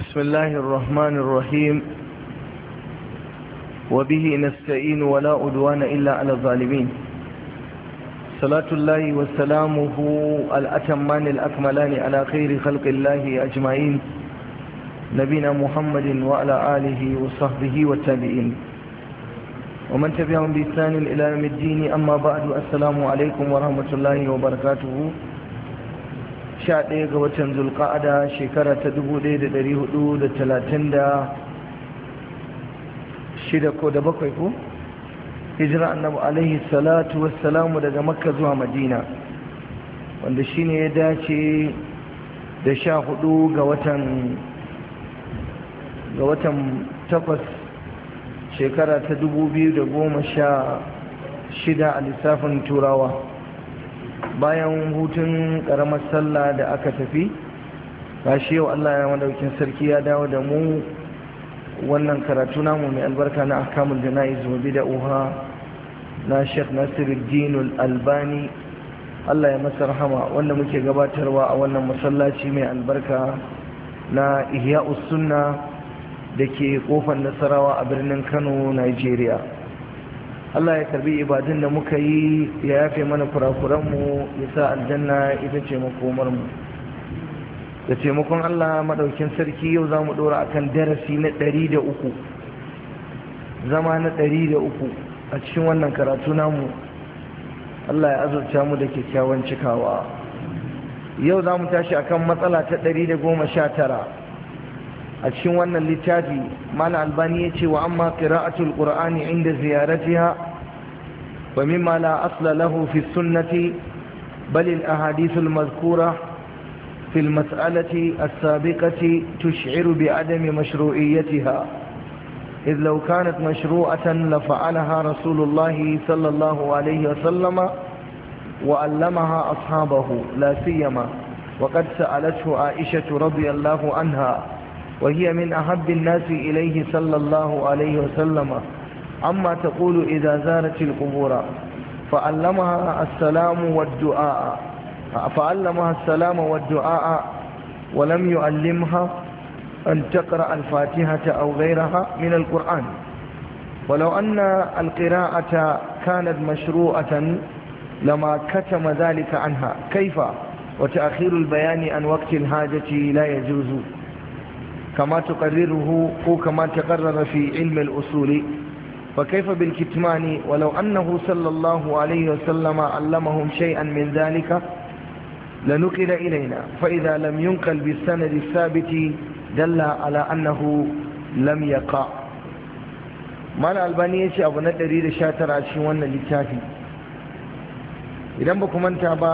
بسم الله الرحمن الرحيم وبه نستعين ولا عدوان إلا على الظالمين صلاة الله وسلامه الأتمان الأكملان على خير خلق الله أجمعين نبينا محمد وعلى آله وصحبه والتابعين ومن تبعهم بإحسان إلى يوم الدين أما بعد السلام عليكم ورحمة الله وبركاته 11 ga watan zulƙa'ada shekara ta 1436 ko da bakwai ko hijira annabi alaihi salatu wassalamu daga makka zuwa madina wanda shi ne ya dace da sha hudu ga watan ga watan takwas shekara ta dubu biyu da goma sha shida a lissafin turawa bayan hutun karamar sallah da aka tafi shi yau Allah ya madaukin sarki ya dawo da mu wannan karatu namu mai albarka na ahkamul jana'iz da uha na Sheikh Nasiruddin Al-Albani Allah ya masa rahama wanda muke gabatarwa a wannan masallaci mai albarka na Ihya'us Sunna da ke kofar Nasarawa a birnin Kano Nigeria Allah ya karbi ibadun da muka yi ya yafe mana kurakuranmu ya sa aljanna ita ce makomarmu da taimakon Allah maɗaukin sarki yau za mu ɗora akan darasi na ɗari da uku zama na ɗari da uku a cikin wannan karatu namu Allah ya azurta mu da kyakkyawan cikawa yau za mu tashi akan matsala ta ɗari da goma sha tara a cikin wannan littafi mala وأما قراءة القرآن عند زيارتها qira'atul لا أصل له في السنة بل الأحاديث المذكورة في المسألة السابقة تشعر بعدم مشروعيتها إذ لو كانت مشروعة لفعلها رسول الله صلى الله عليه وسلم وألمها أصحابه لا سيما وقد سألته عائشة رضي الله عنها وهي من أحب الناس إليه صلى الله عليه وسلم أما تقول إذا زارت القبور فعلمها السلام والدعاء فعلمها السلام والدعاء ولم يعلمها أن تقرأ الفاتحة أو غيرها من القرآن ولو أن القراءة كانت مشروعة لما كتم ذلك عنها كيف وتأخير البيان عن وقت الحاجة لا يجوز كما تقرره أو كما تقرر في علم الأصول فكيف بالكتمان ولو أنه صلى الله عليه وسلم علمهم شيئا من ذلك لنقل إلينا فإذا لم ينقل بالسند الثابت دل على أنه لم يقع mal albani ya ce abu na 119 a cikin wannan littafi idan ba manta ba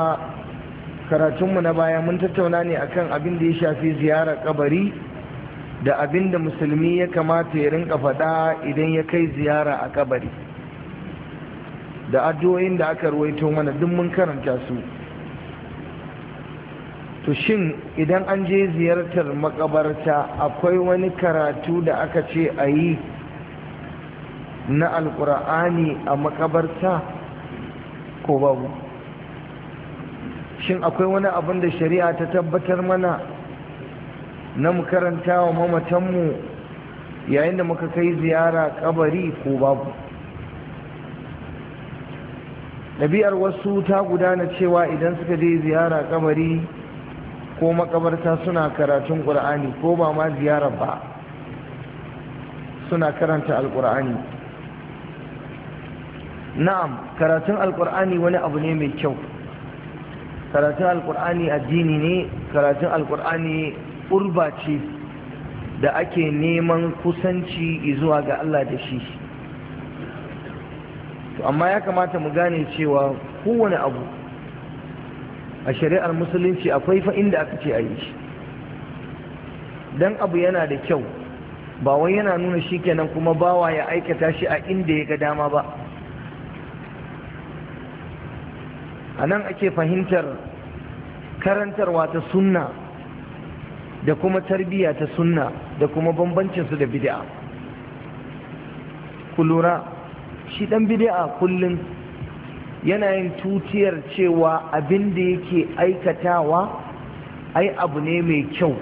karatunmu na baya mun tattauna ne akan abin da ya shafi ziyarar kabari da abin da musulmi ya kamata ya rinka faɗa idan ya kai ziyara a kabari da addu'o'in da aka ruwaito mana duk mun karanta su to shin idan an je ziyartar makabarta akwai wani karatu da aka ce a yi na alkur'ani a makabarta ko babu shin akwai wani abin da shari'a ta tabbatar mana na mu karanta wa mamatanmu yayin da muka kai ziyara kabari ko babu ɗabi'ar wasu ta gudana cewa idan suka je ziyara kabari ko makabarta suna karatun ƙur'ani ko ba ma ziyara ba suna karanta alƙur'ani na'am karatun alƙur'ani wani abu ne mai kyau karatun alƙur'ani addini ne karatun alƙur'ani ƙurba ce da ake neman kusanci zuwa ga Allah da shi To amma ya kamata mu gane cewa kowane abu a shari'ar musulunci akwai fa inda aka ce a yi shi don abu yana da kyau ba wai yana nuna shi kenan kuma bawa ya aikata shi a inda ya ga dama ba a nan ake fahimtar karantarwa ta sunna da kuma tarbiyya ta sunna da kuma bambancin su da bid'a ku shi dan bid'a kullum yana yin tutiyar cewa abin da yake aikatawa ai abu ne mai kyau